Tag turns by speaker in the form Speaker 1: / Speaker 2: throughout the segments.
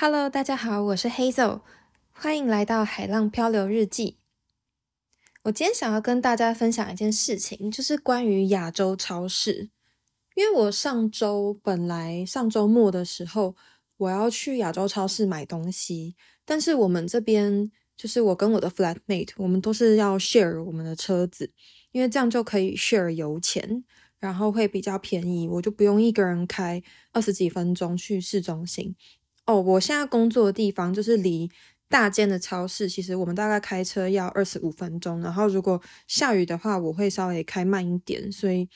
Speaker 1: Hello，大家好，我是 Hazel，歡迎來到海浪漂流日記。我今天想要跟大家分享一件事情，就是關於亞洲超市。因為我上周本來上周末的時候，我要去亞洲超市買東西，但是我們這邊就是我跟我的 flatmate，我們都是要 share 我們的車子，因為這樣就可以 share 油錢，然後會比較便宜，我就不用一個人開二十幾分鐘去市中心。哦，我現在工作的地方就是離大間的超市，其實我們大概開車要二十五分鐘。然後如果下雨的話，我會稍微開慢一點，所以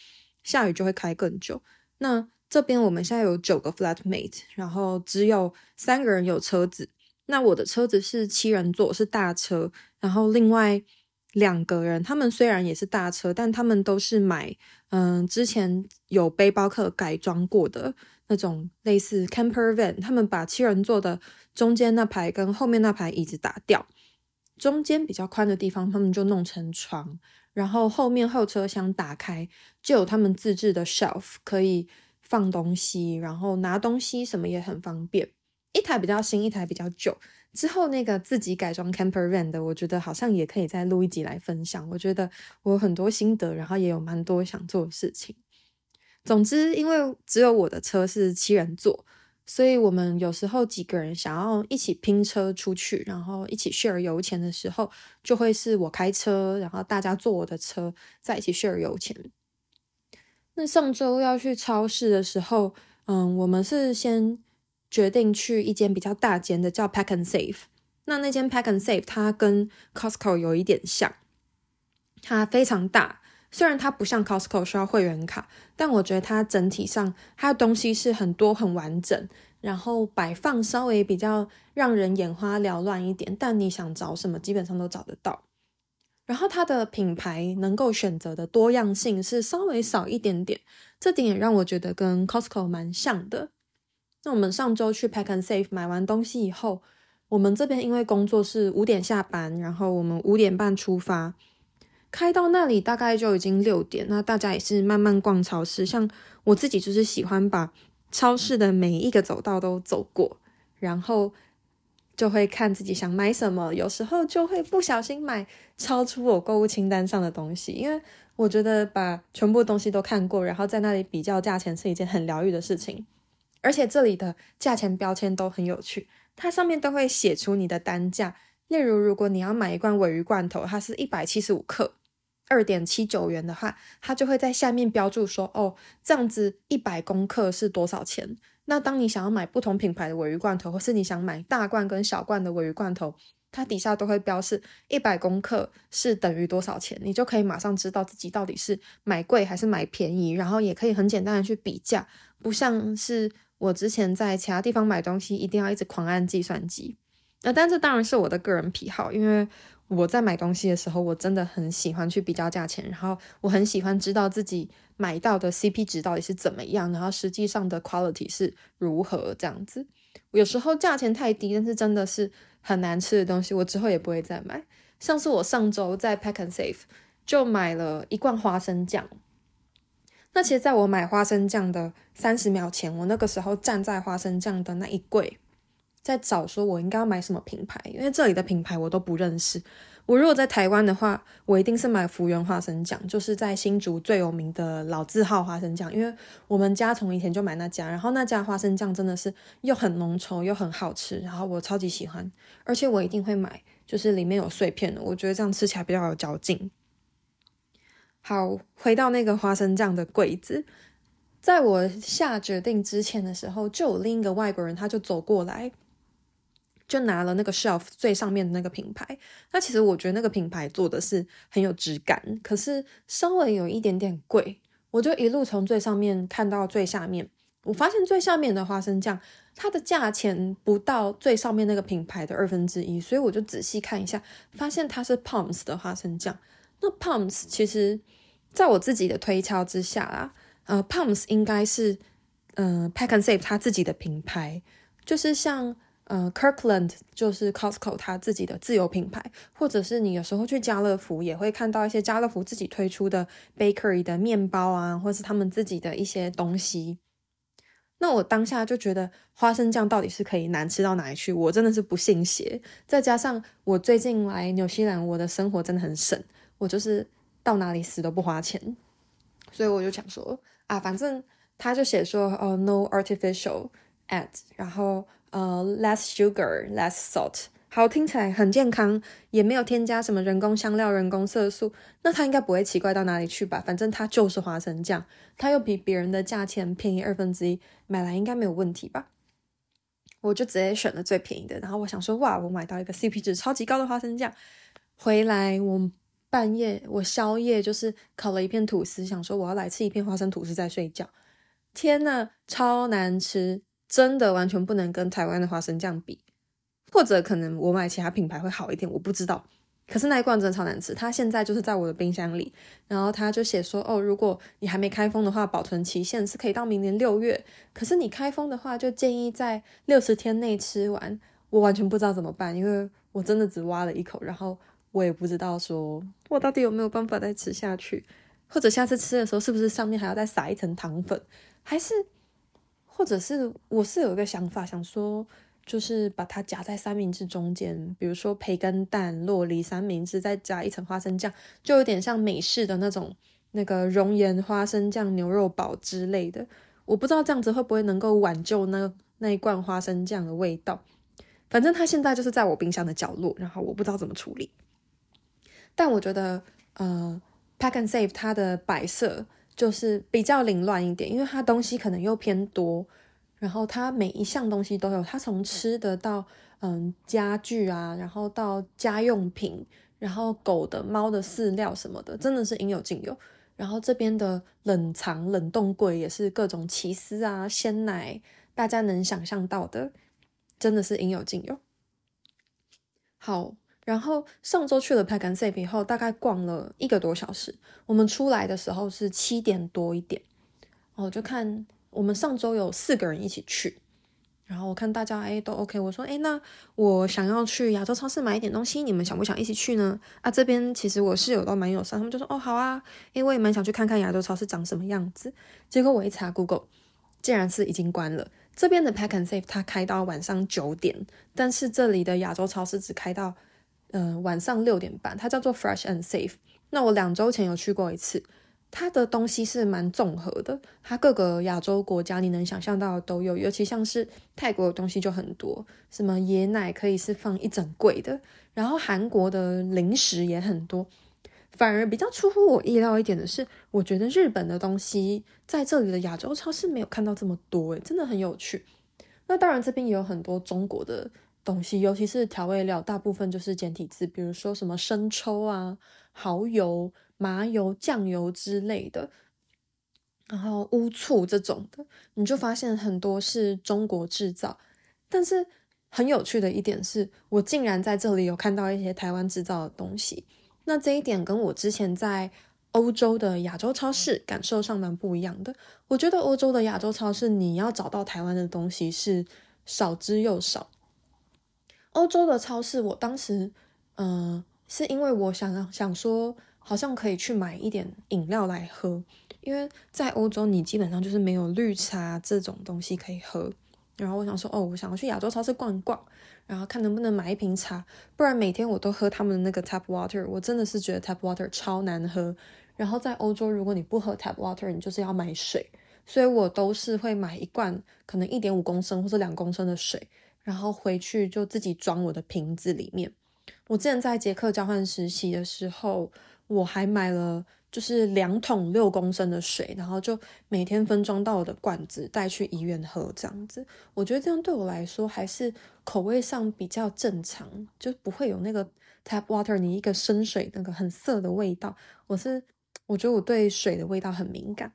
Speaker 1: 下雨就會開更久。那這邊我們現在有九個 flatmate，然後只有三個人有車子。那我的車子是七人座，是大車。然後另外兩個人，他們雖然也是大車，但他們都是買，嗯，之前有背包客改裝過的。那種類似 camper van，他們把七人座的中間那排跟後面那排椅子打掉，中間比較寬的地方他們就弄成床，然後後面後車廂打開就有他們自制的 shelf 可以放東西，然後拿東西什麼也很方便。一台比較新，一台比較舊。之後那個自己改裝 camper van 的，我覺得好像也可以再錄一集來分享。我覺得我有很多心得，然後也有蠻多想做的事情。總之，因為只有我的車是七人座，所以我們有時候幾個人想要一起拼車出去，然後一起 share 油錢的時候，就會是我開車，然後大家坐我的車在一起 share 油錢。那上周要去超市的時候，嗯，我們是先決定去一間比較大間的，叫 Pack and Save。那那間 Pack and Save 它跟 Costco 有一點像，它非常大。雖然它不像 Costco 需要會員卡，但我覺得它整體上它的東西是很多很完整，然後擺放稍微比較讓人眼花繚亂一點，但你想找什麼基本上都找得到。然後它的品牌能夠選擇的多樣性是稍微少一點點，這點也讓我覺得跟 Costco 蠻像的。那我們上周去 Pack and Save 買完東西以後，我們這邊因為工作是五點下班，然後我們五點半出發。開到那裡大概就已經六點，那大家也是慢慢逛超市。像我自己就是喜歡把超市的每一個走道都走過，然後就會看自己想買什麼，有時候就會不小心買超出我購物清單上的東西，因為我覺得把全部東西都看過，然後在那裡比較價錢是一件很療癒的事情。而且這裡的價錢標籤都很有趣，它上面都會寫出你的單價。例如，如果你要買一罐鮪魚罐頭，它是一百七十五克。二點七九元的話，它就會在下面標註說哦，這樣子一百公克是多少錢。那當你想要買不同品牌的鮪魚罐頭，或是你想買大罐跟小罐的鮪魚罐頭，它底下都會標示一百公克是等於多少錢，你就可以馬上知道自己到底是買貴還是買便宜，然後也可以很簡單的去比價，不像是我之前在其他地方買東西，一定要一直狂按計算機。那但這當然是我的個人癖好，因為，我在買東西的時候，我真的很喜歡去比較價錢，然後我很喜歡知道自己買到的 CP 值到底是怎麼樣，然後實際上的 quality 是如何這樣子。有時候價錢太低，但是真的是很難吃的東西，我之後也不會再買。像是我上週在 Pack and Save 就買了一罐花生醬。那其實在我買花生醬的三十秒前，我那個時候站在花生醬的那一櫃。在找說我應該要買什麼品牌，因為這裡的品牌我都不認識。我如果在台灣的話，我一定是買福源花生醬，就是在新竹最有名的老字號花生醬，因為我們家從以前就買那家，然後那家花生醬真的是又很濃稠又很好吃，然後我超級喜歡，而且我一定會買，就是裡面有碎片的，我覺得這樣吃起來比較有嚼勁。好，回到那個花生醬的櫃子，在我下決定之前的時候，就有另一個外國人他就走過來。就拿了那個 shelf 最上面的那個品牌，那其實我覺得那個品牌做的是很有質感，可是稍微有一點點貴。我就一路從最上面看到最下面，我發現最下面的花生醬，它的價錢不到最上面那個品牌的二分之一，所以我就仔細看一下，發現它是 Pumps 的花生醬。那 Pumps 其實，在我自己的推敲之下啊，呃，Pumps 應該是，呃，Pack and Save 它自己的品牌，就是像。嗯、uh，Kirkland 就是 Costco 他自己的自有品牌，或者是你有時候去家樂福也會看到一些家樂福自己推出的 bakery 的麵包啊，或者是他們自己的一些東西。那我當下就覺得花生醬到底是可以難吃到哪裡去？我真的是不信邪。再加上我最近來紐西蘭，我的生活真的很省，我就是到哪裡死都不花錢。所以我就想說啊，反正他就寫說哦，no artificial ads，然後。呃、uh，less sugar, less salt，好，聽起來很健康，也沒有添加什麼人工香料、人工色素，那它應該不會奇怪到哪裡去吧？反正它就是花生醬，它又比別人的價錢便宜二分之一，2，買來應該沒有問題吧？我就直接選了最便宜的，然後我想說，哇，我買到一個 CP 值超級高的花生醬。回來我半夜，我宵夜就是烤了一片吐司，想說我要來吃一片花生吐司再睡覺。天哪，超難吃！真的完全不能跟台灣的花生醬比，或者可能我買其他品牌會好一點，我不知道。可是那一罐真的超難吃，它現在就是在我的冰箱裡。然後它就寫說：“哦，如果你還沒開封的話，保存期限是可以到明年六月。可是你開封的話，就建議在六十天內吃完。”我完全不知道怎麼辦，因為我真的只挖了一口，然後我也不知道說，我到底有沒有辦法再吃下去，或者下次吃的時候是不是上面還要再撒一層糖粉，還是？或者是我是有一個想法，想說，就是把它夾在三明治中間，比如說培根蛋酪梨三明治，再夾一層花生醬，就有點像美式的那種那個熔岩花生醬牛肉堡之類的。我不知道這樣子會不會能夠挽救那那一罐花生醬的味道。反正它現在就是在我冰箱的角落，然後我不知道怎麼處理。但我覺得呃，Pack and Save 它的擺設就是比較凌亂一點，因為它東西可能又偏多，然後它每一項東西都有，它從吃的到嗯家具啊，然後到家用品，然後狗的貓的飼料什麼的，真的是應有盡有。然後這邊的冷藏冷凍櫃也是各種起司啊、鮮奶，大家能想象到的，真的是應有盡有。好。然後上周去了 Pack and Save 以後，大概逛了一個多小時。我們出來的時候是七點多一點，哦，就看我們上周有四個人一起去，然後我看大家哎都 OK，我說哎那我想要去亞洲超市買一點東西，你們想不想一起去呢？啊，這邊其實我室友都蠻友善，他們就說哦好啊，因為我也蠻想去看看亞洲超市長什麼樣子。結果我一查 Google，竟然是已經關了。這邊的 Pack and Save 它開到晚上九點，但是這裡的亞洲超市只開到。嗯，晚上六點半，它叫做 Fresh and Safe。那我兩周前有去過一次，它的東西是蠻綜合的，它各個亞洲國家你能想象到的都有，尤其像是泰國的東西就很多，什麼椰奶可以是放一整櫃的，然後韓國的零食也很多。反而比較出乎我意料一點的是，我覺得日本的東西在這裡的亞洲超市沒有看到這麼多，欸，真的很有趣。那當然這邊也有很多中國的。東西，尤其是調味料，大部分就是簡體字，比如說什麼生抽啊、蠔油、麻油、醬油之類的，然後烏醋這種的，你就發現很多是中國製造。但是很有趣的一點是，我竟然在這裡有看到一些台灣製造的東西。那這一點跟我之前在歐洲的亞洲超市感受上蠻不一樣的。我覺得歐洲的亞洲超市，你要找到台灣的東西是少之又少。歐洲的超市，我當時，嗯、呃，是因為我想想說，好像可以去買一點飲料來喝，因為在歐洲你基本上就是沒有綠茶這種東西可以喝。然後我想說，哦，我想要去亞洲超市逛一逛，然後看能不能買一瓶茶，不然每天我都喝他們的那個 tap water，我真的是覺得 tap water 超難喝。然後在歐洲，如果你不喝 tap water，你就是要買水，所以我都是會買一罐，可能一點五公升或者兩公升的水。然後回去就自己裝我的瓶子裡面。我之前在捷克交換實習的時候，我還買了就是兩桶六公升的水，然後就每天分裝到我的罐子，帶去醫院喝這樣子。我覺得這樣對我來說還是口味上比較正常，就不會有那個 tap water 你一個深水那個很澀的味道。我是我覺得我對水的味道很敏感。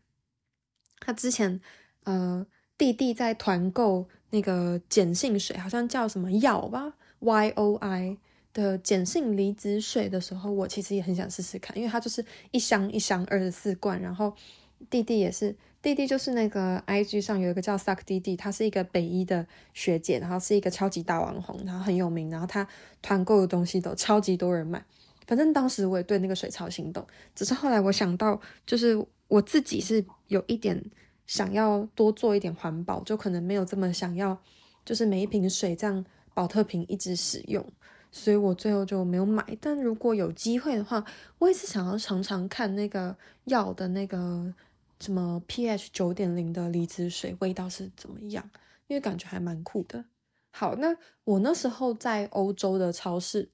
Speaker 1: 他之前嗯、呃弟弟在團購那個鹼性水，好像叫什麼藥吧，Y O I 的鹼性離子水的時候，我其實也很想試試看，因為它就是一箱一箱二十四罐。然後弟弟也是，弟弟就是那個 I G 上有一個叫 Suck 弟弟，他是一個北醫的學姐，然後是一個超級大網紅，然後很有名，然後他團購的東西都超級多人買。反正當時我也對那個水超心動，只是後來我想到，就是我自己是有一點。想要多做一點環保，就可能沒有這麼想要，就是每一瓶水這樣保特瓶一直使用，所以我最後就沒有買。但如果有機會的話，我也是想要嘗嘗看那個藥的那個什麼 pH 九點零的離子水味道是怎麼樣，因為感覺還蠻酷的。好，那我那時候在歐洲的超市，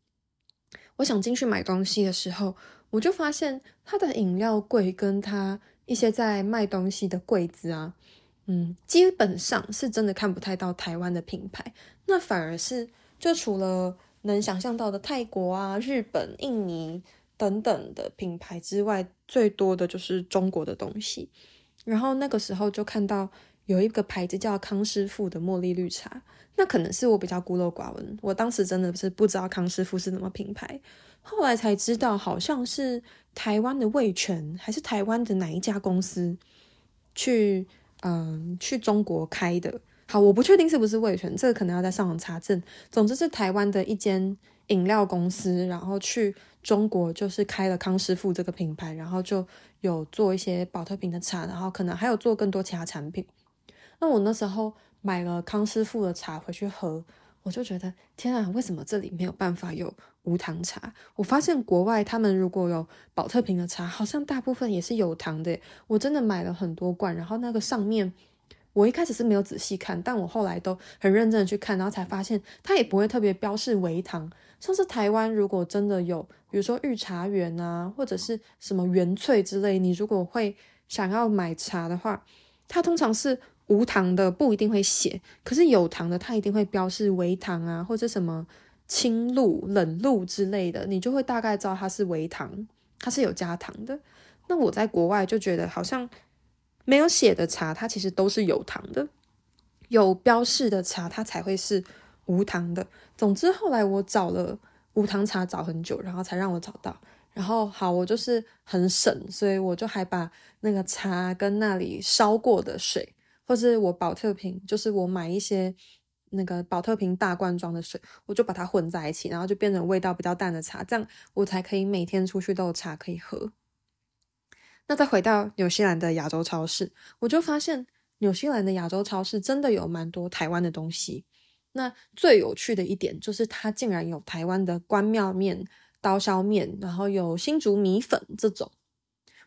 Speaker 1: 我想進去買東西的時候，我就發現它的飲料櫃跟它。一些在賣東西的櫃子啊，嗯，基本上是真的看不太到台灣的品牌，那反而是就除了能想象到的泰國啊、日本、印尼等等的品牌之外，最多的就是中國的東西。然後那個時候就看到有一個牌子叫康師傅的茉莉綠茶，那可能是我比較孤陋寡聞，我當時真的是不知道康師傅是什麼品牌，後來才知道好像是。台灣的味全，還是台灣的哪一家公司去嗯、呃、去中國開的？好，我不確定是不是味全，這個可能要在上網查證。總之是台灣的一間飲料公司，然後去中國就是開了康師傅這個品牌，然後就有做一些寶特瓶的茶，然後可能還有做更多其他產品。那我那時候買了康師傅的茶回去喝。我就覺得天啊，為什麼這裡沒有辦法有無糖茶？我發現國外他們如果有寶特瓶的茶，好像大部分也是有糖的。我真的買了很多罐，然後那個上面我一開始是沒有仔細看，但我後來都很認真的去看，然後才發現它也不會特別標示微糖。像是台灣如果真的有，比如說御茶園啊，或者是什麼原萃之類，你如果會想要買茶的話，它通常是。無糖的不一定會寫，可是有糖的它一定會標示微糖啊，或者什麼清露、冷露之類的，你就會大概知道它是微糖，它是有加糖的。那我在國外就覺得好像沒有寫的茶，它其實都是有糖的，有標示的茶它才會是無糖的。總之，後來我找了無糖茶找很久，然後才讓我找到。然後好，我就是很省，所以我就還把那個茶跟那裡燒過的水。或是我寶特瓶，就是我買一些那個寶特瓶大罐裝的水，我就把它混在一起，然後就變成味道比較淡的茶，這樣我才可以每天出去都有茶可以喝。那再回到紐西蘭的亞洲超市，我就發現紐西蘭的亞洲超市真的有蠻多台灣的東西。那最有趣的一點就是，它竟然有台灣的關廟麵、刀削麵，然後有新竹米粉這種。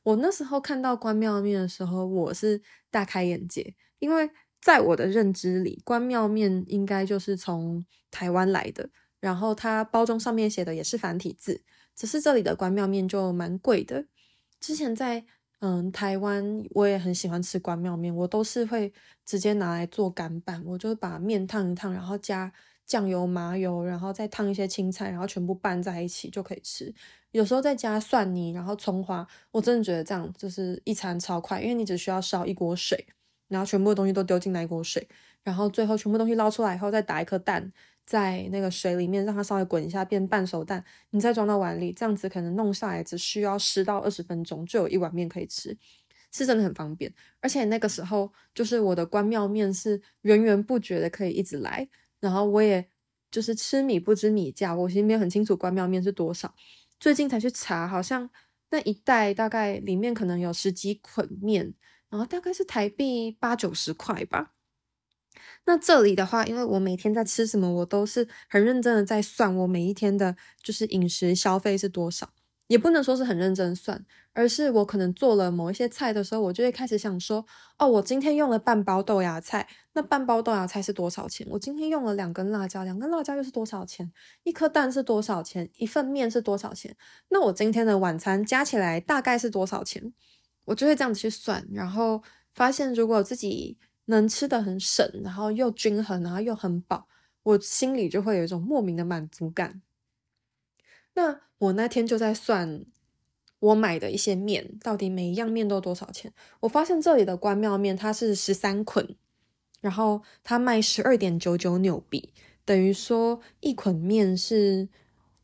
Speaker 1: 我那時候看到關廟麵的時候，我是大開眼界。因為在我的認知裡，關廟麵應該就是從台灣來的，然後它包裝上面寫的也是繁體字，只是這裡的關廟麵就蠻貴的。之前在嗯台灣，我也很喜歡吃關廟麵，我都是會直接拿來做乾拌，我就是把麵燙一燙，然後加醬油、麻油，然後再燙一些青菜，然後全部拌在一起就可以吃。有時候再加蒜泥，然後蔥花，我真的覺得這樣就是一餐超快，因為你只需要燒一鍋水。然後全部的東西都丟進那一鍋水，然後最後全部東西撈出來以後，再打一顆蛋在那個水裡面，讓它稍微滾一下變半熟蛋，你再裝到碗裡，這樣子可能弄下來只需要十到二十分鐘就有一碗麵可以吃，是真的很方便。而且那個時候就是我的關廟麵是源源不絕的可以一直來，然後我也就是吃米不知米價，我其實沒有很清楚關廟麵是多少，最近才去查，好像那一袋大概裡面可能有十幾捆麵。然後大概是台幣八九十塊吧。那這裡的話，因為我每天在吃什麼，我都是很認真的在算我每一天的，就是飲食消費是多少。也不能說是很認真算，而是我可能做了某一些菜的時候，我就會開始想說，哦，我今天用了半包豆芽菜，那半包豆芽菜是多少錢？我今天用了兩根辣椒，兩根辣椒又是多少錢？一顆蛋是多少錢？一份麵是多少錢？那我今天的晚餐加起來大概是多少錢？我就會這樣子去算，然後發現如果自己能吃得很省，然後又均衡，然後又很飽，我心裡就會有一種莫名的滿足感。那我那天就在算我買的一些麵，到底每一樣麵都多少錢？我發現這裡的關廟麵它是十三捆，然後它賣十二點九九紐幣，等於說一捆麵是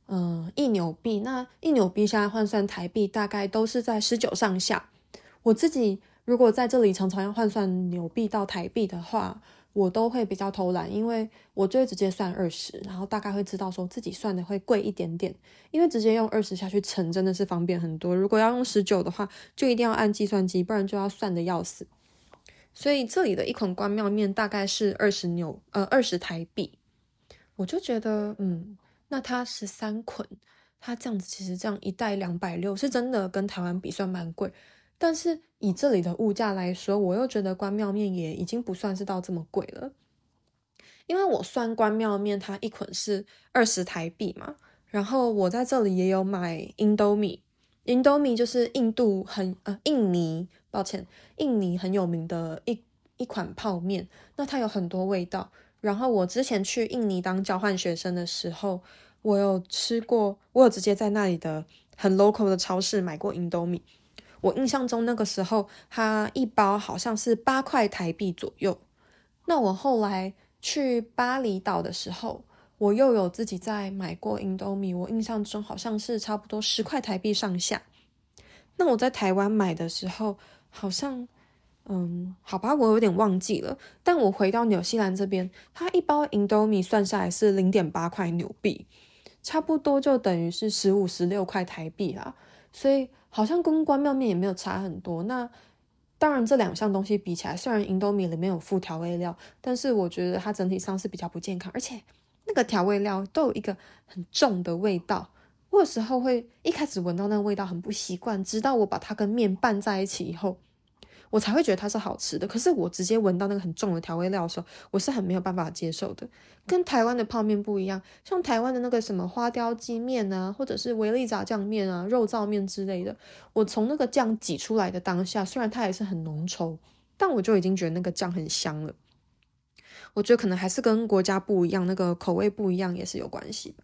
Speaker 1: 嗯、呃、一紐幣，那一紐幣現在換算台幣大概都是在十九上下。我自己如果在這裡常常要換算紐幣到台幣的話，我都會比較偷懶，因為我就會直接算二十，然後大概會知道說自己算的會貴一點點，因為直接用二十下去乘真的是方便很多。如果要用十九的話，就一定要按計算機，不然就要算得要死。所以這裡的一捆關廟麵大概是二十紐，呃，二十台幣。我就覺得，嗯，那它十三捆，它這樣子其實這樣一袋兩百六是真的跟台灣比算蠻貴。但是以這裡的物價來說，我又覺得關廟麵也已經不算是到這麼貴了，因為我算關廟麵，它一捆是二十台幣嘛。然後我在這裡也有買 Indomie。Indomie 就是印度很呃印尼，抱歉，印尼很有名的一一款泡麵。那它有很多味道。然後我之前去印尼當交換學生的時候，我有吃過，我有直接在那裡的很 local 的超市買過 Indomie。我印象中那個時候，它一包好像是八塊台幣左右。那我後來去巴厘島的時候，我又有自己在買過 Indomie，我印象中好像是差不多十塊台幣上下。那我在台灣買的時候，好像嗯，好吧，我有點忘記了。但我回到紐西蘭這邊，它一包 Indomie 算下來是零點八塊紐幣，差不多就等於是十五十六塊台幣啊，所以。好像跟關廟麵也沒有差很多。那當然，這兩項東西比起來，雖然 Indomie 裡面有附調味料，但是我覺得它整體上是比較不健康，而且那個調味料都有一個很重的味道。我有時候會一開始聞到那個味道很不習慣，直到我把它跟麵拌在一起以後。我才會覺得它是好吃的。可是我直接聞到那個很重的調味料的時候，我是很沒有辦法接受的。跟台灣的泡麵不一樣，像台灣的那個什麼花雕雞麵啊，或者是維力炸醬麵啊、肉燥麵之類的，我從那個醬擠出來的當下，雖然它也是很濃稠，但我就已經覺得那個醬很香了。我覺得可能還是跟國家不一樣，那個口味不一樣也是有關係的。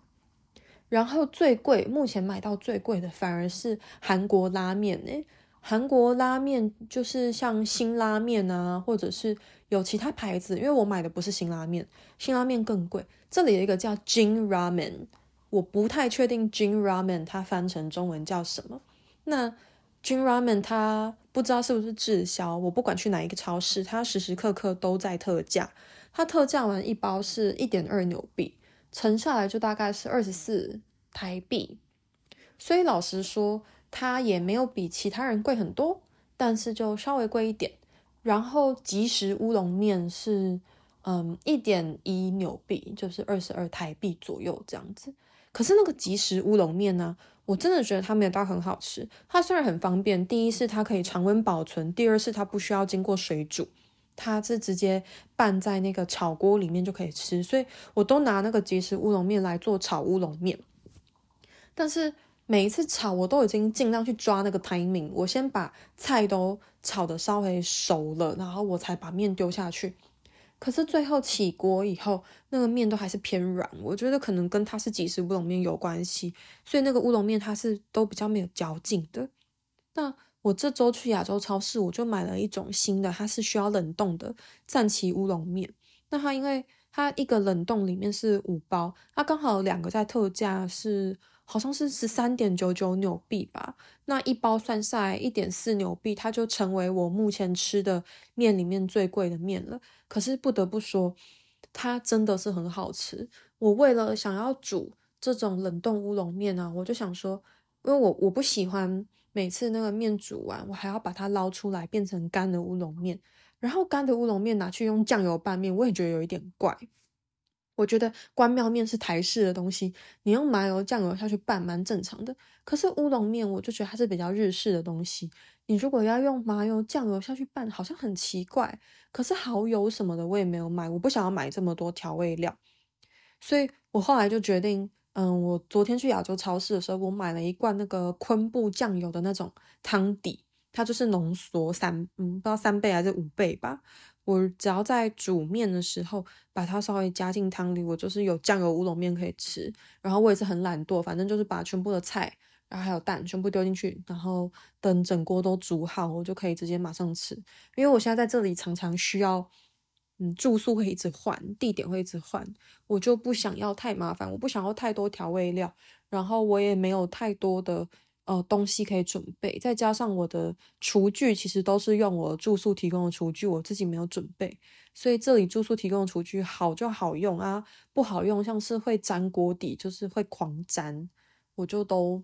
Speaker 1: 然後最貴，目前買到最貴的反而是韓國拉麵耶。韓國拉麵就是像辛拉麵啊，或者是有其他牌子，因為我買的不是辛拉麵，辛拉麵更貴。這裡有一個叫 Jin Ramen，我不太確定 Jin Ramen 它翻成中文叫什麼。那 Jin Ramen 它不知道是不是滯銷，我不管去哪一個超市，它時時刻刻都在特價。它特價完一包是一點二紐幣，乘下來就大概是二十四台幣。所以老實說。它也沒有比其他人貴很多，但是就稍微貴一點。然後即食烏龍麵是，嗯，一點一紐幣，就是二十二台幣左右這樣子。可是那個即食烏龍麵呢，我真的覺得它沒有到很好吃。它雖然很方便，第一是它可以常溫保存，第二是它不需要經過水煮，它是直接拌在那個炒鍋裡面就可以吃。所以我都拿那個即食烏龍麵來做炒烏龍麵，但是。每一次炒，我都已經盡量去抓那個 timing，我先把菜都炒得稍微熟了，然後我才把麵丟下去。可是最後起鍋以後，那個麵都還是偏軟。我覺得可能跟它是即食烏龍麵有關係，所以那個烏龍麵它是都比較沒有嚼勁的。那我這週去亞洲超市，我就買了一種新的，它是需要冷凍的讚岐烏龍麵。那它因為它一個冷凍裡面是五包，它剛好兩個在特價是。好像是十三點九九紐幣吧，那一包算下來一點四紐幣，它就成為我目前吃的麵裡面最貴的麵了。可是不得不說，它真的是很好吃。我為了想要煮這種冷凍烏龍麵啊，我就想說，因為我我不喜歡每次那個麵煮完，我還要把它撈出來變成乾的烏龍麵，然後乾的烏龍麵拿去用醬油拌麵，我也覺得有一點怪。我覺得關廟麵是台式的東西，你用麻油醬油下去拌蠻正常的。可是烏龍麵，我就覺得它是比較日式的東西，你如果要用麻油醬油下去拌，好像很奇怪。可是蠔油什麼的，我也沒有買，我不想要買這麼多調味料。所以，我後來就決定，嗯，我昨天去亞洲超市的時候，我買了一罐那個昆布醬油的那種湯底，它就是濃縮三，嗯，不知道三倍還是五倍吧。我只要在煮麵的時候把它稍微加進湯裡，我就是有醬油烏龍麵可以吃。然後我也是很懶惰，反正就是把全部的菜，然後還有蛋全部丟進去，然後等整鍋都煮好，我就可以直接馬上吃。因為我現在在這裡常常需要，嗯，住宿會一直換，地點會一直換，我就不想要太麻煩，我不想要太多調味料，然後我也沒有太多的。哦、呃，東西可以準備，再加上我的廚具，其實都是用我住宿提供的廚具，我自己沒有準備。所以這裡住宿提供的廚具好就好用啊，不好用，像是會粘鍋底，就是會狂粘，我就都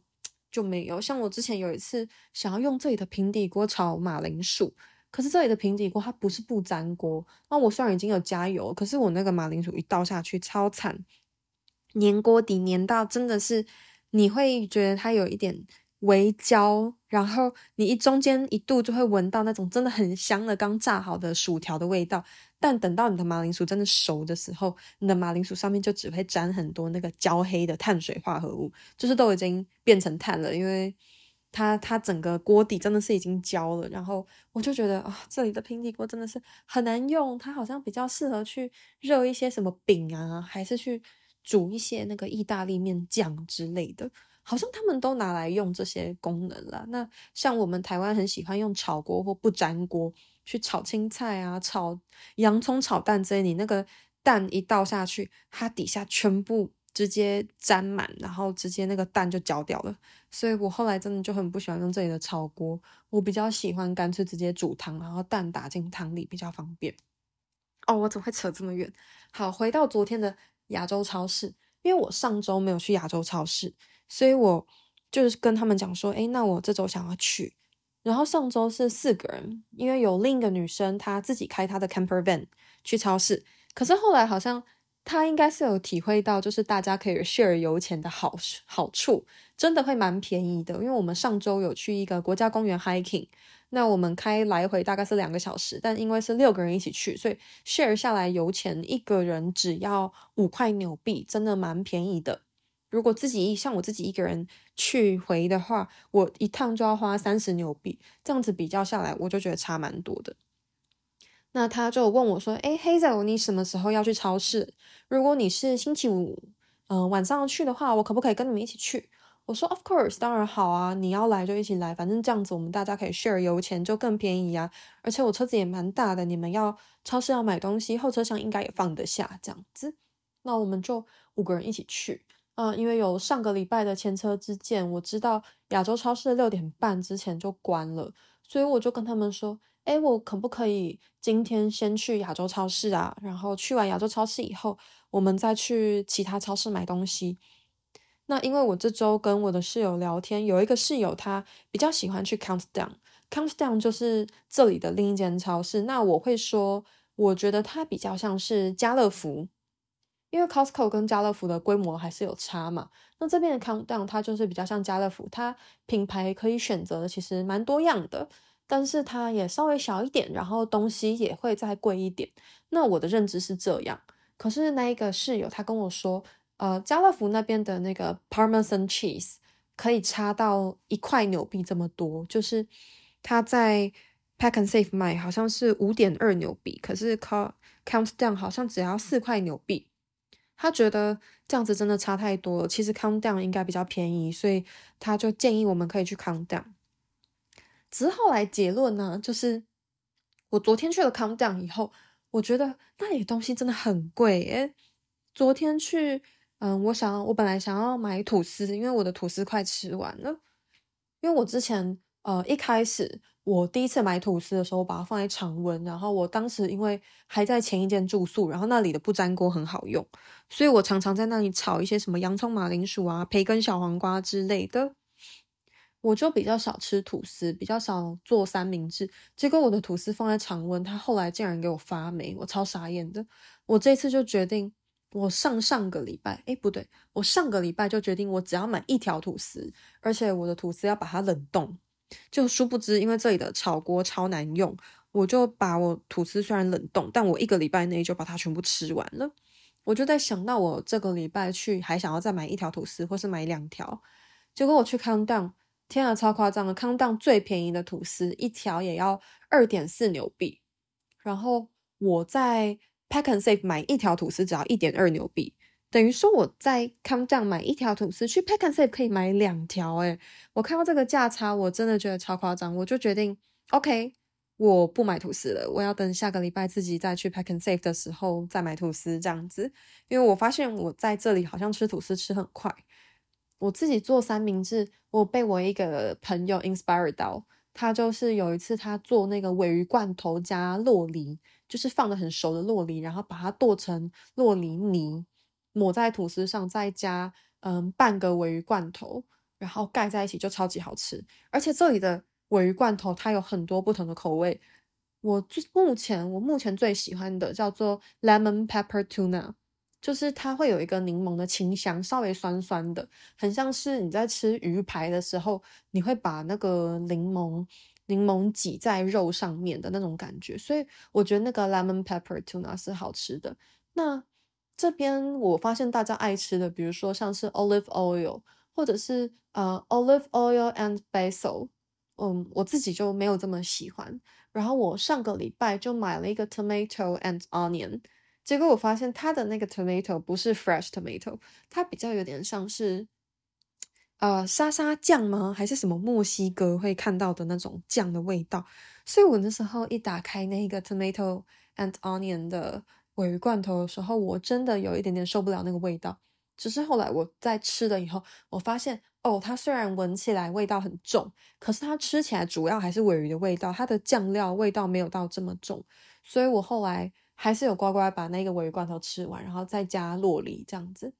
Speaker 1: 就沒有。像我之前有一次想要用這裡的平底鍋炒馬鈴薯，可是這裡的平底鍋它不是不粘鍋，那我雖然已經有加油，可是我那個馬鈴薯一倒下去，超慘，粘鍋底，粘到真的是你會覺得它有一點。微焦，然後你一中間一度就會聞到那種真的很香的剛炸好的薯條的味道。但等到你的馬鈴薯真的熟的時候，你的馬鈴薯上面就只會沾很多那個焦黑的碳水化合物，就是都已經變成碳了，因為它它整個鍋底真的是已經焦了。然後我就覺得啊、哦，這裡的平底鍋真的是很難用，它好像比較適合去熱一些什麼餅啊，還是去煮一些那個意大利面醬之類的。好像他們都拿來用這些功能啦。那像我們台灣很喜歡用炒鍋或不沾鍋去炒青菜啊，炒洋蔥、炒蛋這些。你那個蛋一倒下去，它底下全部直接沾滿，然後直接那個蛋就焦掉了。所以我後來真的就很不喜歡用這裡的炒鍋，我比較喜歡乾脆直接煮湯，然後蛋打進湯裡比較方便。哦，我怎麼會扯這麼遠？好，回到昨天的亞洲超市，因為我上週沒有去亞洲超市。所以我就是跟他們講說，哎，那我這周想要去。然後上周是四個人，因為有另一個女生，她自己開她的 camper van 去超市。可是後來好像她應該是有體會到，就是大家可以 share 油錢的好好處，真的會蠻便宜的。因為我們上周有去一個國家公園 hiking，那我們開來回大概是兩個小時，但因為是六個人一起去，所以 share 下來油錢一個人只要五塊紐幣，真的蠻便宜的。如果自己像我自己一個人去回的話，我一趟就要花三十紐幣，這樣子比較下來，我就覺得差蠻多的。那他就問我說：“誒、欸，黑仔，你什麼時候要去超市？如果你是星期五，嗯、呃，晚上去的話，我可不可以跟你們一起去？”我說：“Of course，當然好啊，你要來就一起來，反正這樣子我們大家可以 share 油錢，就更便宜啊。而且我車子也蠻大的，你們要超市要買東西，後車廂應該也放得下這樣子。那我們就五個人一起去。”啊、嗯，因為有上個禮拜的前車之鑑，我知道亞洲超市六點半之前就關了，所以我就跟他們說，哎，我可不可以今天先去亞洲超市啊？然後去完亞洲超市以後，我們再去其他超市買東西。那因為我這周跟我的室友聊天，有一個室友他比較喜歡去 Countdown，Countdown 就是這裡的另一間超市。那我會說，我覺得它比較像是家樂福。因為 Costco 跟家樂福的規模還是有差嘛，那這邊的 Countdown 它就是比較像家樂福，它品牌可以選擇的其實蠻多樣的，但是它也稍微小一點，然後東西也會再貴一點。那我的認知是這樣，可是那一個室友他跟我說，呃，家樂福那邊的那個 Parmesan cheese 可以差到一塊紐幣這麼多，就是他在 Pack and Save 賣好像是五點二紐幣，可是 Countdown 好像只要四塊紐幣。他覺得這樣子真的差太多了，其實 Countdown 應該比較便宜，所以他就建議我們可以去 Countdown。之後來結論呢，就是我昨天去了 Countdown 以後，我覺得那裡東西真的很貴。誒。昨天去，嗯，我想我本來想要買吐司，因為我的吐司快吃完了，因為我之前呃一開始。我第一次買吐司的時候，把它放在常溫。然後我當時因為還在前一間住宿，然後那裡的不粘鍋很好用，所以我常常在那裡炒一些什麼洋蔥、馬鈴薯啊、培根、小黃瓜之類的。我就比較少吃吐司，比較少做三明治。結果我的吐司放在常溫，它後來竟然給我發霉，我超傻眼的。我這次就決定，我上上個禮拜，誒，不對，我上個禮拜就決定，我只要買一條吐司，而且我的吐司要把它冷凍。就殊不知，因為這裡的炒鍋超難用，我就把我吐司雖然冷凍，但我一個禮拜內就把它全部吃完了。我就在想到我這個禮拜去還想要再買一條吐司，或是買兩條。結果我去 Countdown，天啊，超誇張了！Countdown 最便宜的吐司一條也要二點四紐幣，然後我在 Pack and Save 買一條吐司只要一點二紐幣。等於說我在 Countdown 買一條吐司，去 Pack and Save 可以買兩條。哎，我看到這個價差，我真的覺得超誇張。我就決定，OK，我不買吐司了，我要等下個禮拜自己再去 Pack and Save 的時候再買吐司，這樣子。因為我發現我在這裡好像吃吐司吃很快，我自己做三明治。我被我一個朋友 inspired 到，他就是有一次他做那個鲔魚罐頭加酪梨，就是放得很熟的酪梨，然後把它剁成酪梨泥。抹在吐司上，再加嗯，半個鮪魚罐頭，然後蓋在一起就超級好吃。而且這裡的鮪魚罐頭它有很多不同的口味，我最目前我目前最喜歡的叫做 lemon pepper tuna，就是它會有一個檸檬的清香，稍微酸酸的，很像是你在吃魚排的時候，你會把那個檸檬檸檬擠在肉上面的那種感覺。所以我覺得那個 lemon pepper tuna 是好吃的。那。這邊我發現大家愛吃的，比如說像是 olive oil，或者是呃、uh, olive oil and basil，嗯，我自己就沒有這麼喜歡。然後我上個禮拜就買了一個 tomato and onion，結果我發現它的那個 tomato 不是 fresh tomato，它比較有點像是呃沙沙醬嗎？還是什麼墨西哥會看到的那種醬的味道？所以我那時候一打開那個 tomato and onion 的。鮪魚罐頭的時候，我真的有一點點受不了那個味道。只是後來我在吃了以後，我發現哦，它雖然聞起來味道很重，可是它吃起來主要還是鮪魚的味道，它的醬料味道沒有到這麼重。所以，我後來還是有乖乖把那個鮪魚罐頭吃完，然後再加酪梨這樣子。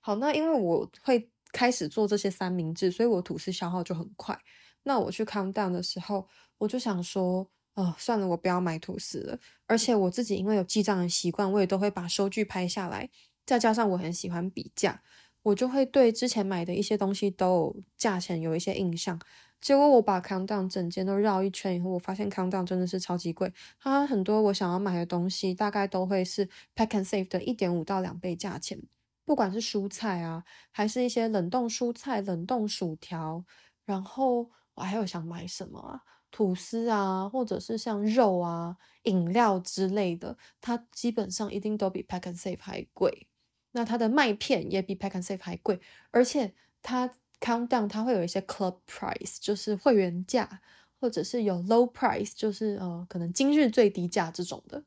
Speaker 1: 好，那因為我會開始做這些三明治，所以我吐司消耗就很快。那我去 Countdown 的時候，我就想說。哦，算了，我不要買吐司了。而且我自己因為有記賬的習慣，我也都會把收據拍下來。再加上我很喜歡比價，我就會對之前買的一些東西都有價錢有一些印象。結果我把 Countdown 整間都繞一圈以後，我發現 Countdown 真的是超級貴。它、啊、很多我想要買的東西，大概都會是 Pack and Save 的一點五到兩倍價錢。不管是蔬菜啊，還是一些冷凍蔬菜、冷凍薯條，然後我還有想買什麼啊？吐司啊，或者是像肉啊、飲料之類的，它基本上一定都比 Pack and Save 還貴。那它的麥片也比 Pack and Save 還貴，而且它 Countdown 它會有一些 Club Price，就是會員價，或者是有 Low Price，就是呃可能今日最低價這種的。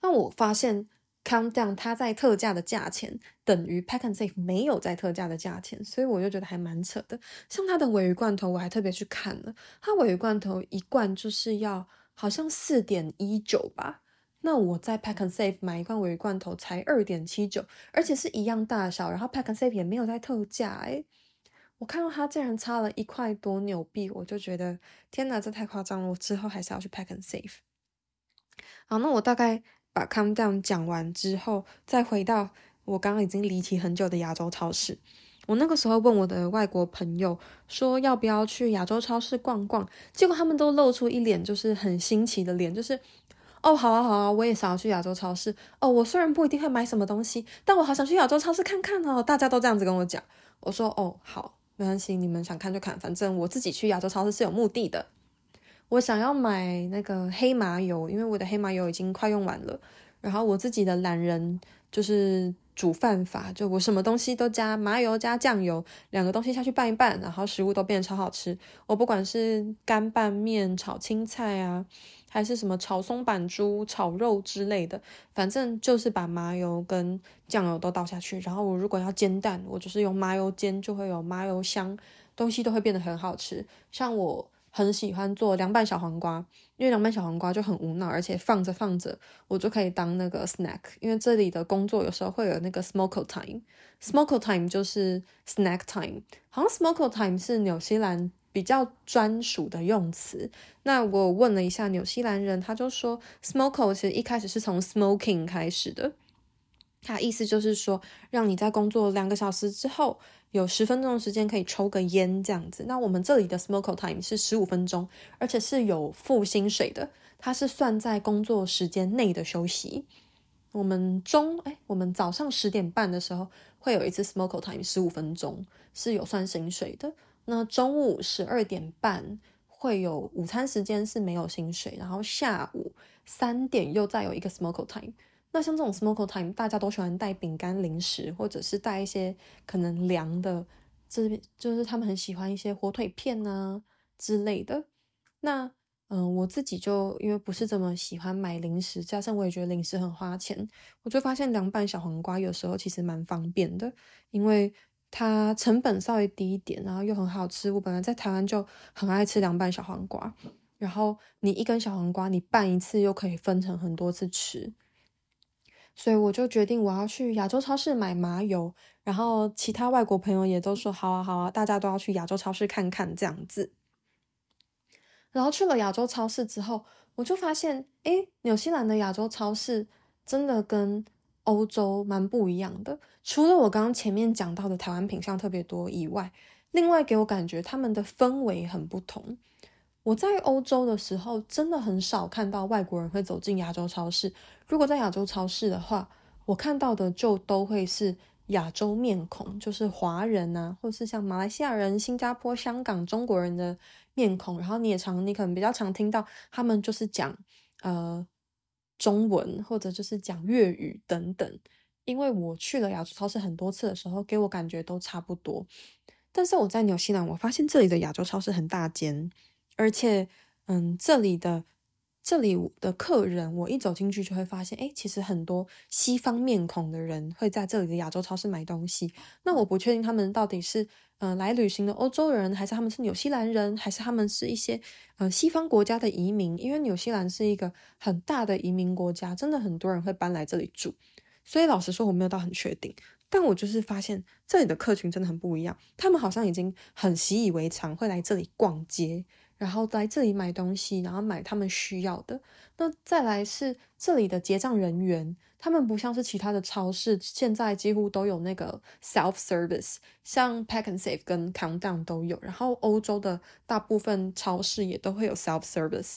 Speaker 1: 那我發現。Countdown 它在特價的價錢等於 Pack and Save 沒有在特價的價錢，所以我就覺得還蠻扯的。像它的鮪魚罐頭，我還特別去看了，它鮪魚罐頭一罐就是要好像四點一九吧，那我在 Pack and Save 買一罐鮪魚罐頭才二點七九，而且是一樣大小，然後 Pack and Save 也沒有在特價，哎，我看到它竟然差了一塊多紐幣，我就覺得天哪，這太誇張了，我之後還是要去 Pack and Save。好，那我大概。把 calm down 講完之後，再回到我剛剛已經離題很久的亞洲超市。我那個時候問我的外國朋友說，要不要去亞洲超市逛逛，結果他們都露出一臉就是很新奇的臉，就是哦，好啊好啊，我也想要去亞洲超市。哦，我雖然不一定會買什麼東西，但我好想去亞洲超市看看哦。大家都這樣子跟我講，我說哦好，沒關係，你們想看就看，反正我自己去亞洲超市是有目的的。我想要買那個黑麻油，因為我的黑麻油已經快用完了。然後我自己的懶人就是煮飯法，就我什麼東西都加麻油加醬油，兩個東西下去拌一拌，然後食物都變得超好吃。我不管是乾拌麵、炒青菜啊，還是什麼炒松阪豬、炒肉之類的，反正就是把麻油跟醬油都倒下去。然後我如果要煎蛋，我就是用麻油煎，就會有麻油香，東西都會變得很好吃。像我很喜歡做涼拌小黃瓜，因為涼拌小黃瓜就很無腦，而且放着放着我就可以當那個 snack。因為這裡的工作有時候會有那個 smoko time、嗯、smoko time，smoko time 就是 snack time。好像 smoko time 是紐西蘭比較專屬的用詞。那我問了一下紐西蘭人，他就說 smoko 其實一開始是從 smoking 開始的。他意思就是說，讓你在工作兩個小時之後，有十分鐘的時間可以抽個煙這樣子。那我們這裡的 smoke time 是十五分鐘，而且是有付薪水的，它是算在工作時間內的休息。我們中，哎、欸，我們早上十點半的時候會有一次 smoke time，十五分鐘是有算薪水的。那中午十二點半會有午餐時間是沒有薪水，然後下午三點又再有一個 smoke time。那像這種 smoke time，大家都喜歡帶餅乾、零食，或者是帶一些可能涼的，這、就是、就是他們很喜歡一些火腿片啊之類的。那嗯，我自己就因為不是怎麼喜歡買零食，加上我也覺得零食很花錢，我就發現涼拌小黃瓜有時候其實蠻方便的，因為它成本稍微低一點，然後又很好吃。我本來在台灣就很愛吃涼拌小黃瓜，然後你一根小黃瓜，你拌一次又可以分成很多次吃。所以我就決定我要去亞洲超市買麻油，然後其他外國朋友也都說好啊好啊，大家都要去亞洲超市看看這樣子。然後去了亞洲超市之後，我就發現，誒、欸，紐西蘭的亞洲超市真的跟歐洲蠻不一樣的。除了我剛剛前面講到的台灣品項特別多以外，另外給我感覺他們的氛圍很不同。我在歐洲的時候，真的很少看到外國人會走進亞洲超市。如果在亞洲超市的話，我看到的就都會是亞洲面孔，就是華人啊，或是像馬來西亞人、新加坡、香港、中國人的面孔。然後你也常，你可能比較常聽到他們就是講呃中文或者就是講粵語等等。因為我去了亞洲超市很多次的時候，給我感覺都差不多。但是我在紐西蘭，我發現這裡的亞洲超市很大間。而且，嗯，這裡的這裡的客人，我一走進去就會發現，哎，其實很多西方面孔的人會在這裡的亞洲超市買東西。那我不確定他們到底是嗯，呃，來旅行的歐洲人，還是他們是紐西蘭人，還是他們是一些呃西方國家的移民？因為紐西蘭是一個很大的移民國家，真的很多人會搬來這裡住。所以老實說，我沒有到很確定。但我就是發現這裡的客群真的很不一樣，他們好像已經很習以為常，會來這裡逛街。然後在這裡買東西，然後買他們需要的。那再來是這裡的結賬人員，他們不像是其他的超市，現在幾乎都有那個 self service，像 Pack and Save 跟 Countdown 都有。然後歐洲的大部分超市也都會有 self service。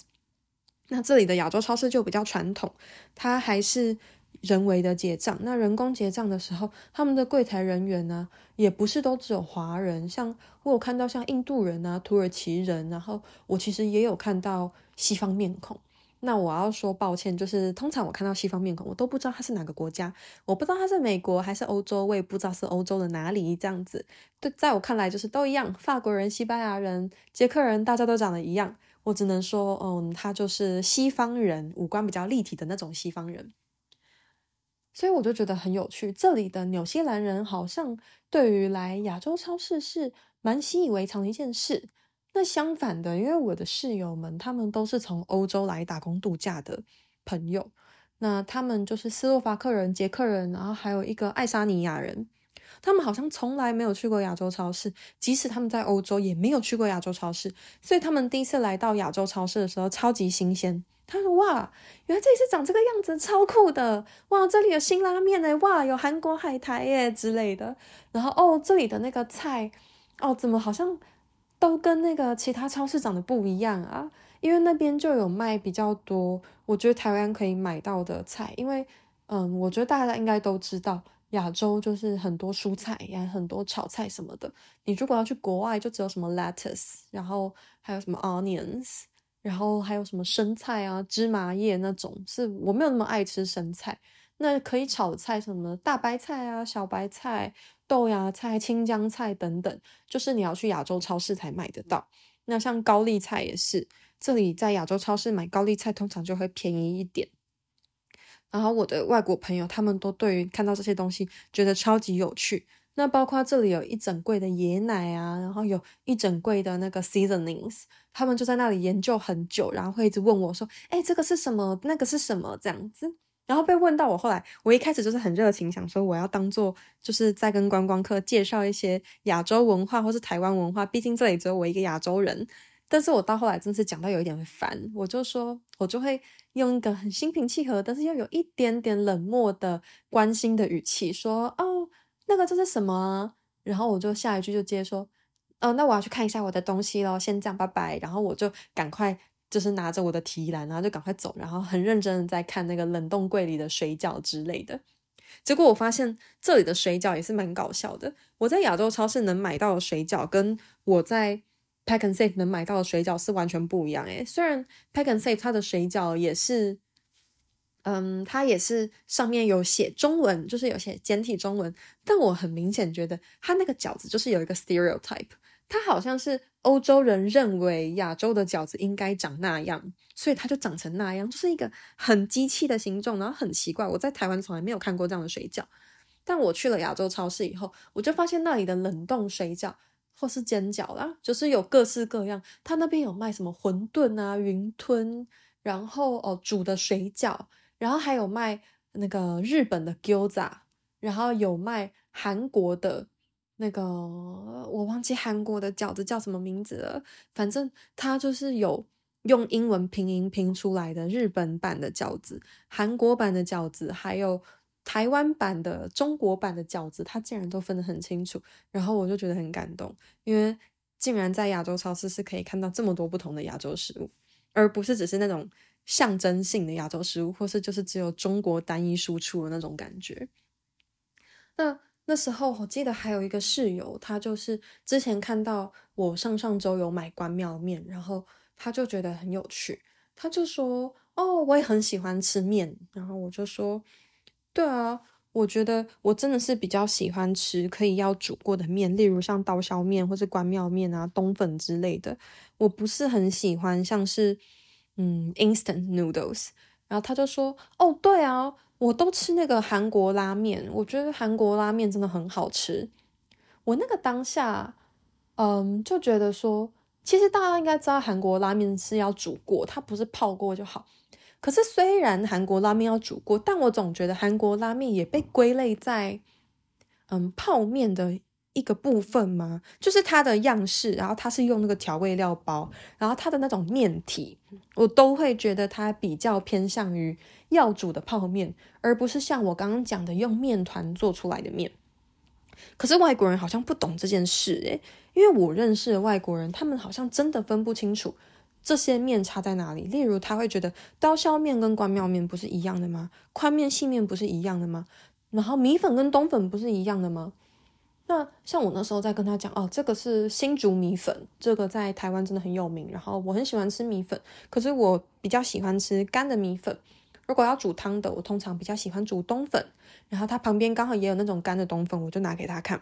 Speaker 1: 那這裡的亞洲超市就比較傳統，它還是。人為的結賬，那人工結賬的時候，他們的櫃檯人員呢，也不是都只有華人。像我有看到像印度人啊、土耳其人，然後我其實也有看到西方面孔。那我要說抱歉，就是通常我看到西方面孔，我都不知道他是哪個國家，我不知道他是美國還是歐洲，我也不知道是歐洲的哪裡這樣子。對，在我看來就是都一樣，法國人、西班牙人、捷克人，大家都長得一樣。我只能說，嗯，他就是西方人，五官比較立體的那種西方人。所以我就覺得很有趣，這裡的紐西蘭人好像對於來亞洲超市是蠻習以為常的一件事。那相反的，因為我的室友們，他們都是從歐洲來打工度假的朋友，那他們就是斯洛伐克人、捷克人，然後還有一個愛沙尼亞人。他們好像從來沒有去過亞洲超市，即使他們在歐洲也沒有去過亞洲超市，所以他們第一次來到亞洲超市的時候，超級新鮮。他說：“哇，原來這裡是長這個樣子，超酷的！哇，這裡有辛拉麵哎，哇，有韓國海苔耶之類的。然後哦，這裡的那個菜，哦，怎麼好像都跟那個其他超市長得不一樣啊？因為那邊就有賣比較多，我覺得台灣可以買到的菜，因為嗯，我覺得大家應該都知道。”亞洲就是很多蔬菜，也很多炒菜什麼的。你如果要去國外，就只有什麼 lettuce，然後還有什麼 onions，然後還有什麼生菜啊、芝麻葉那種。是我沒有那麼愛吃生菜。那可以炒的菜什麼大白菜啊、小白菜、豆芽菜、青江菜等等，就是你要去亞洲超市才買得到。那像高麗菜也是，這裡在亞洲超市買高麗菜通常就會便宜一點。然後我的外國朋友他們都對於看到這些東西覺得超級有趣。那包括這裡有一整櫃的椰奶啊，然後有一整櫃的那個 seasonings，他們就在那裡研究很久，然後會一直問我說：“哎，這個是什麼？那個是什麼？”這樣子。然後被問到我後來，我一開始就是很熱情，想說我要當做就是在跟觀光客介紹一些亞洲文化或是台灣文化，畢竟這裡只有我一個亞洲人。但是我到後來真的是講到有一點煩，我就說，我就會。用一個很心平氣和，但是又有一點點冷漠的關心的語氣說：“哦，那個這是什麼啊？”然後我就下一句就接說：“哦，那我要去看一下我的東西嘍，先這樣，拜拜。”然後我就趕快就是拿着我的提籃，然後就趕快走，然後很認真的在看那個冷凍櫃裡的水餃之類的。結果我發現這裡的水餃也是蠻搞笑的。我在亞洲超市能買到的水餃，跟我在 Pak'nSave 能買到的水餃是完全不一樣哎，雖然 Pak'nSave 它的水餃也是，嗯，它也是上面有寫中文，就是有寫簡體中文，但我很明顯覺得它那個餃子就是有一個 stereotype，它好像是歐洲人認為亞洲的餃子應該長那樣，所以它就長成那樣，就是一個很機器的形狀，然後很奇怪，我在台灣從來沒有看過這樣的水餃，但我去了亞洲超市以後，我就發現那裡的冷凍水餃。或是煎餃啦，就是有各式各樣。他那邊有賣什麼餛飩啊、雲吞，然後哦煮的水餃，然後還有賣那個日本的 gyoza，然後有賣韓國的那個，我忘記韓國的餃子叫什麼名字了。反正他就是有用英文拼音拼出來的日本版的餃子、韓國版的餃子，還有。台灣版的、中國版的餃子，它竟然都分得很清楚，然後我就覺得很感動，因為竟然在亞洲超市是可以看到這麼多不同的亞洲食物，而不是只是那種象徵性的亞洲食物，或是就是只有中國單一輸出的那種感覺。那那時候我記得還有一個室友，他就是之前看到我上上周有買關廟麵，然後他就覺得很有趣，他就說：“哦，我也很喜歡吃麵。”然後我就說。對啊，我覺得我真的是比較喜歡吃可以要煮過的麵，例如像刀削麵或是關廟麵啊、冬粉之類的。我不是很喜歡像是嗯 instant noodles。然後他就說：“哦，對啊，我都吃那個韓國拉麵，我覺得韓國拉麵真的很好吃。”我那個當下，嗯，就覺得說，其實大家應該知道韓國拉麵是要煮過，它不是泡過就好。可是，雖然韓國拉麵要煮過，但我總覺得韓國拉麵也被歸類在，嗯，泡麵的一個部分嘛。就是它的樣式，然後它是用那個調味料包，然後它的那種麵體，我都會覺得它比較偏向於要煮的泡麵，而不是像我剛剛講的用麵糰做出來的麵。可是外國人好像不懂這件事哎、欸，因為我認識的外國人，他們好像真的分不清楚。這些麵差在哪裡？例如，他會覺得刀削麵跟關廟麵不是一樣的嗎？寬麵、細麵不是一樣的嗎？然後米粉跟冬粉不是一樣的嗎？那像我那時候在跟他講，哦，這個是新竹米粉，這個在台灣真的很有名。然後我很喜歡吃米粉，可是我比較喜歡吃乾的米粉。如果要煮湯的，我通常比較喜歡煮冬粉。然後他旁邊剛好也有那種乾的冬粉，我就拿給他看。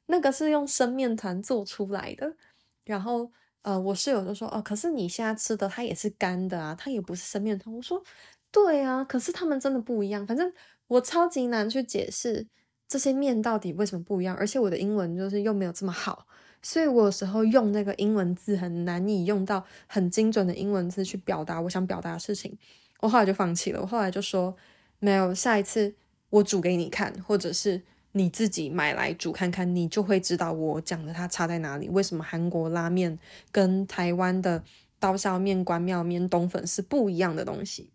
Speaker 1: 那個是用生麵團做出來的，然後呃，我室友就說：“哦，可是你現在吃的它也是乾的啊，它也不是生麵團。”我說：“對啊，可是他們真的不一樣。反正我超級難去解釋這些麵到底為什麼不一樣，而且我的英文就是又沒有這麼好，所以我有時候用那個英文字很難以用到很精準的英文字去表達我想表達的事情。我後來就放棄了，我後來就說沒有，下一次我煮給你看，或者是。”你自己買來煮看看，你就會知道我講的它差在哪裡。為什麼韓國拉麵跟台灣的刀削麵、關廟麵、冬粉是不一樣的東西？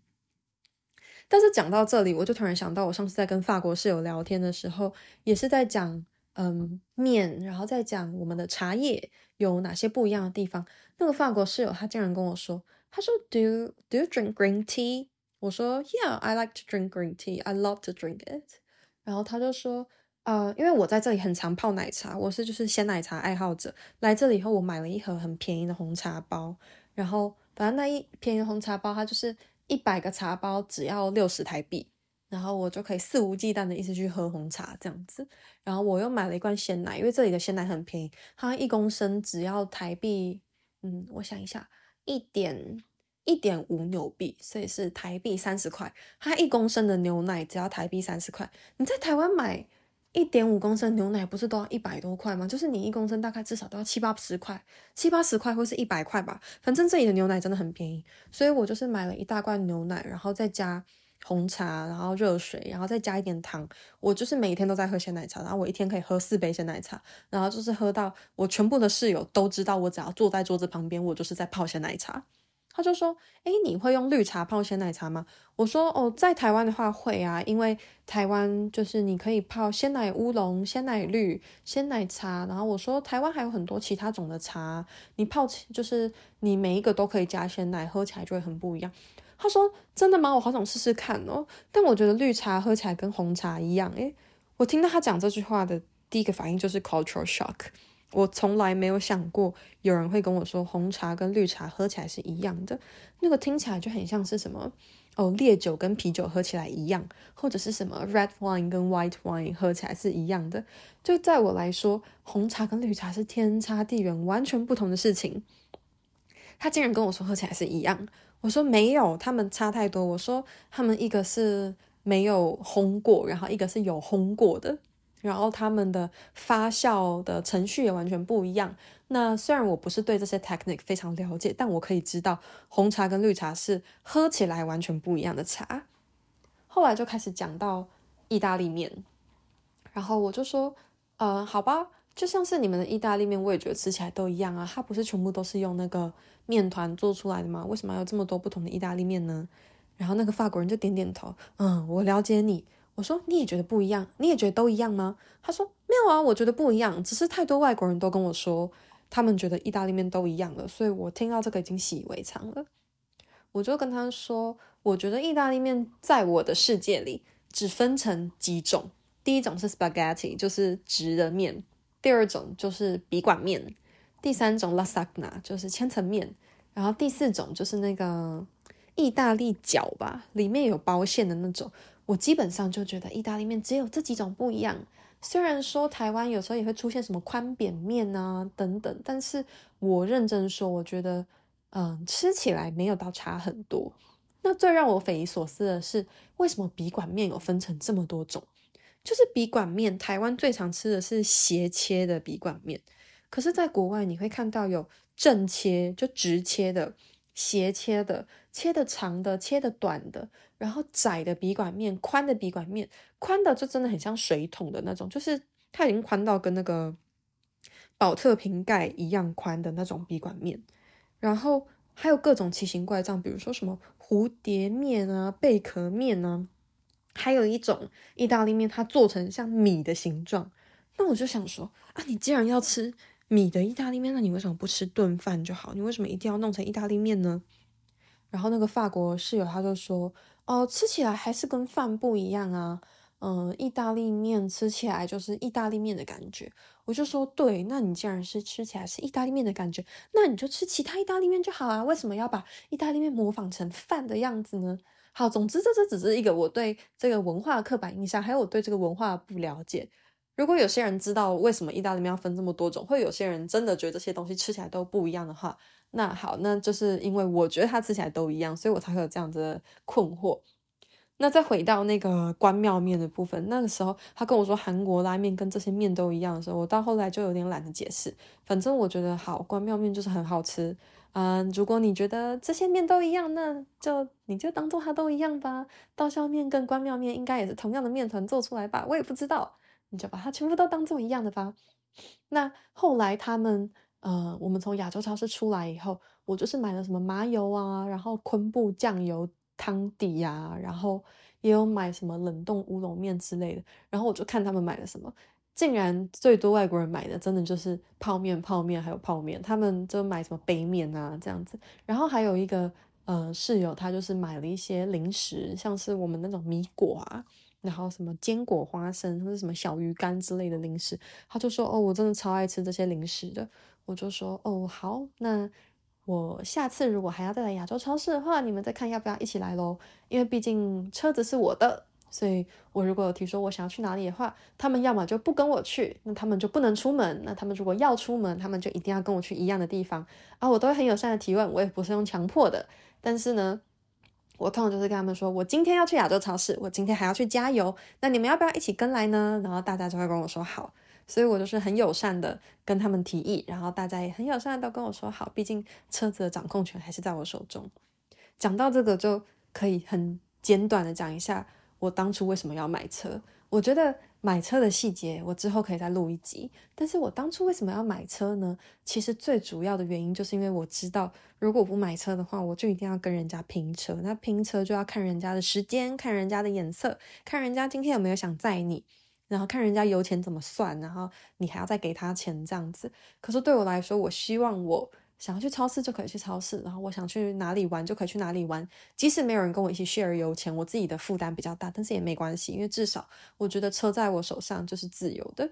Speaker 1: 但是講到這裡，我就突然想到，我上次在跟法國室友聊天的時候，也是在講嗯麵，然後在講我們的茶葉有哪些不一樣的地方。那個法國室友他竟然跟我說：他說：“ Do you, do you drink green tea？” 我說：“Yeah, I like to drink green tea. I love to drink it。”然後他就說，呃，因為我在這裡很常泡奶茶，我是就是鮮奶茶愛好者。來這裡以後，我買了一盒很便宜的紅茶包，然後本來那一便宜的紅茶包它就是一百個茶包只要六十台幣，然後我就可以肆無忌憚的一直去喝紅茶這樣子。然後我又買了一罐鮮奶，因為這裡的鮮奶很便宜，它一公升只要台幣，嗯，我想一下，一點一點五紐幣，所以是台幣三十塊。它一公升的牛奶只要台幣三十塊，你在台灣買。一點五公升牛奶不是都要一百多塊嗎？就是你一公升大概至少都要七八十塊，七八十塊或是一百塊吧。反正這裡的牛奶真的很便宜，所以我就是買了一大罐牛奶，然後再加紅茶，然後熱水，然後再加一點糖。我就是每天都在喝鮮奶茶，然後我一天可以喝四杯鮮奶茶，然後就是喝到我全部的室友都知道我只要坐在桌子旁邊，我就是在泡鮮奶茶。他就說：“哎，你會用綠茶泡鮮奶茶嗎？”我說：“哦，在台灣的話會啊，因為台灣就是你可以泡鮮奶烏龍、鮮奶綠、鮮奶茶。然後我說，台灣還有很多其他種的茶，你泡起就是你每一個都可以加鮮奶，喝起來就會很不一樣。”他說：“真的嗎？我好想試試看哦。”但我覺得綠茶喝起來跟紅茶一樣。哎，我聽到他講這句話的第一個反應就是 cultural shock。我從來沒有想過有人會跟我說紅茶跟綠茶喝起來是一樣的，那個聽起來就很像是什麼哦，烈酒跟啤酒喝起來一樣，或者是什麼 red wine 跟 white wine 喝起來是一樣的。就在我來說，紅茶跟綠茶是天差地遠，完全不同的事情。他竟然跟我說喝起來是一樣，我說沒有，他們差太多。我說他們一個是沒有烘過，然後一個是有烘過的。然後他們的發酵的程序也完全不一樣。那雖然我不是對這些 technique 非常了解，但我可以知道紅茶跟綠茶是喝起來完全不一樣的茶。後來就開始講到意大利麵，然後我就說，呃，好吧，就像是你們的意大利麵，我也覺得吃起來都一樣啊。它不是全部都是用那個麵團做出來的嗎？為什麼要這麼多不同的意大利麵呢？然後那個法國人就點點頭，嗯，我了解你。我說，你也覺得不一樣？你也覺得都一樣嗎？他說，沒有啊，我覺得不一樣，只是太多外國人都跟我說，他們覺得意大利麵都一樣了，所以我聽到這個已經習以為常了。我就跟他說，我覺得意大利麵在我的世界裡只分成幾種：第一種是 spaghetti，就是直的麵；第二種就是筆管麵；第三種 lasagna，就是千層麵；然後第四種就是那個意大利餃吧，裡面有包餡的那種。我基本上就覺得意大利麵只有這幾種不一樣，雖然說台灣有時候也會出現什麼寬扁麵啊等等，但是我認真說，我覺得，嗯，吃起來沒有到差很多。那最讓我匪夷所思的是，為什麼筆管麵有分成這麼多種？就是筆管麵，台灣最常吃的是斜切的筆管麵，可是，在國外你會看到有正切，就直切的，斜切的。切的長的，切的短的，然後窄的筆管麵，寬的筆管麵，寬的就真的很像水桶的那種，就是它已經寬到跟那個寶特瓶蓋一樣寬的那種筆管麵。然後還有各種奇形怪狀，比如說什麼蝴蝶麵啊、貝殼麵啊，還有一種意大利麵，它做成像米的形狀。那我就想說啊，你既然要吃米的意大利麵，那你為什麼不吃燉飯就好？你為什麼一定要弄成意大利麵呢？然後那個法國室友他就說，哦，吃起來還是跟飯不一樣啊，嗯，意大利麵吃起來就是意大利麵的感覺。我就說，對，那你既然是吃起來是意大利麵的感覺，那你就吃其他意大利麵就好啊，為什麼要把意大利麵模仿成飯的樣子呢？好，總之這這只只是一個我對這個文化的刻板印象，還有我對這個文化不了解。如果有些人知道為什麼意大利麵要分這麼多種，會有些人真的覺得這些東西吃起來都不一樣的話。那好，那就是因為我覺得它吃起來都一樣，所以我才會有這樣子的困惑。那再回到那個關廟麵的部分，那個時候他跟我說韓國拉麵跟這些麵都一樣的時候，我到後來就有點懶得解釋。反正我覺得好，關廟麵就是很好吃。嗯、呃，如果你覺得這些麵都一樣，那就你就當做它都一樣吧。刀削麵跟關廟麵應該也是同樣的麵團做出來吧？我也不知道，你就把它全部都當做一樣的吧。那後來他們。呃，我們從亞洲超市出來以後，我就是買了什麼麻油啊，然後昆布醬油湯底呀、啊，然後也有買什麼冷凍烏龍麵之類的。然後我就看他們買了什麼，竟然最多外國人買的真的就是泡麵，泡麵還有泡麵，他們就買什麼杯麵啊這樣子。然後還有一個呃室友，他就是買了一些零食，像是我們那種米果啊。然後什麼堅果、花生或者什麼小魚乾之類的零食，他就說哦，我真的超愛吃這些零食的。我就說哦，好，那我下次如果還要再來亞洲超市的話，你們再看要不要一起來咯。因為畢竟車子是我的，所以我如果有提說我想要去哪裡的話，他們要麼就不跟我去，那他們就不能出門；那他們如果要出門，他們就一定要跟我去一樣的地方。啊，我都會很友善的提問，我也不是用強迫的。但是呢。我通常就是跟他們說，我今天要去亞洲超市，我今天還要去加油，那你們要不要一起跟來呢？然後大家就會跟我說好，所以我就是很友善的跟他們提議，然後大家也很友善地都跟我說好，畢竟車子的掌控權還是在我手中。講到這個就可以很簡短的講一下我當初為什麼要買車，我覺得。買車的細節，我之後可以再錄一集。但是我當初為什麼要買車呢？其實最主要的原因就是因為我知道，如果不買車的話，我就一定要跟人家拼車。那拼車就要看人家的時間，看人家的眼色，看人家今天有沒有想載你，然後看人家油錢怎麼算，然後你還要再給他錢這樣子。可是對我來說，我希望我。想要去超市就可以去超市，然後我想去哪裡玩就可以去哪裡玩。即使沒有人跟我一起 share 油錢，我自己的負擔比較大，但是也沒關係，因為至少我覺得車在我手上就是自由的。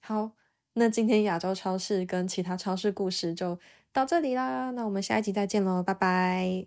Speaker 1: 好，那今天亞洲超市跟其他超市故事就到這裡啦，那我們下一集再見嘍，拜拜。